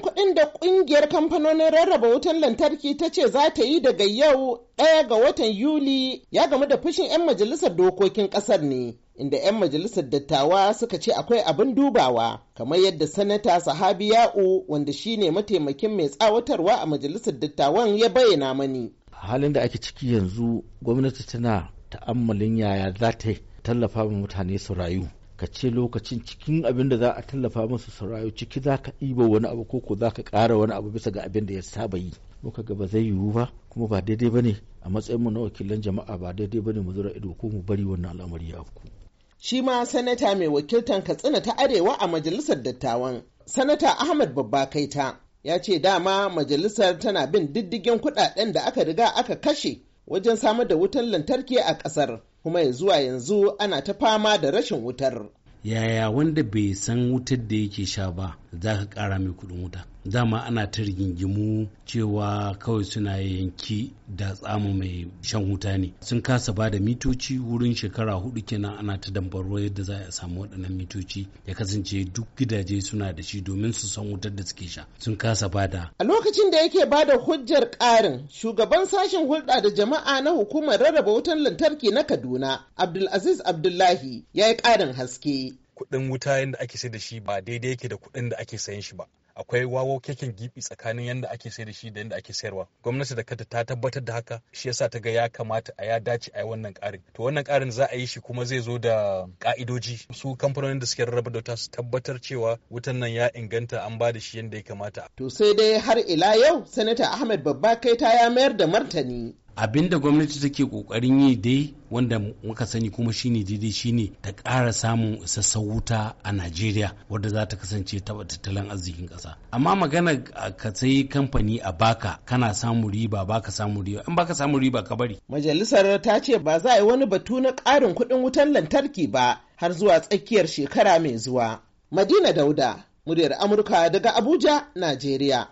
kuɗin da ƙungiyar kamfanonin rarraba wutan lantarki ta ce za ta yi daga yau ɗaya ga watan Yuli ya gamu da fushin 'yan majalisar dokokin ƙasar ne. Inda 'yan majalisar dattawa suka ce akwai abin dubawa, kamar yadda sanata sahabi ya'u wanda shine mataimakin mai tsawatarwa a majalisar dattawan ya bayyana mani. Halin da ake ciki yanzu gwamnati tana ta'ammalin yaya za ta tallafa wa mutane su rayu. ka ce lokacin cikin abin da za a tallafa musu su rayu ciki za ka ɗiba wani abu ko ko za ka ƙara wani abu bisa ga abin da ya saba yi muka ga ba zai yiwu ba kuma ba daidai ba ne a matsayinmu na wakilan jama'a ba daidai ba ne mu zura ido ko mu bari wannan al'amari ya afku. shi ma sanata mai wakiltan katsina ta arewa a majalisar dattawan sanata ahmad babba kaita ya ce dama majalisar tana bin diddigin kuɗaɗen da aka riga aka kashe wajen samar da wutan lantarki a ƙasar kuma ya zuwa yanzu ana ta fama da rashin wutar yaya wanda bai san wutar da yake sha ba za ka kara mai kudin wuta dama ana ta rigingimu cewa kawai suna yanki da tsama mai shan wuta ne sun kasa ba da mitoci wurin shekara hudu kenan ana ta dambarwa yadda za a samu waɗannan mitoci ya kasance duk gidaje suna da shi domin su san wutar da suke sha sun kasa ba da a lokacin da yake ba da hujjar ƙarin shugaban sashen hulɗa da jama'a na hukumar rarraba wutar lantarki na kaduna abdulaziz abdullahi ya yi ƙarin haske kuɗin wuta yadda ake sai da shi ba daidai yake da kuɗin da ake sayan shi ba akwai wawo keken gibi tsakanin yadda ake sayar da shi da yadda ake sayarwa gwamnati da kanta ta tabbatar da haka shi yasa ta ga ya kamata a ya dace a yi wannan karin to wannan karin za a yi shi kuma zai zo da ka'idoji su kamfanonin da suke rarraba da su tabbatar cewa wutan nan ya inganta an ba da shi yadda ya kamata to sai dai har ila yau sanata ahmed babba kai ta ya mayar da martani abinda gwamnati take kokarin yi dai wanda muka sani kuma shine daidai shine ta ƙara samun isassar wuta a najeriya wadda za ta kasance taɓa tattalin arzikin ƙasa amma magana ka sai kamfani a baka kana samun riba baka samun riba in baka samun riba ka bari majalisar ta ce ba za a yi wani batu na ƙarin kuɗin wutan lantarki ba har zuwa tsakiyar shekara mai zuwa madina dauda muryar amurka daga abuja najeriya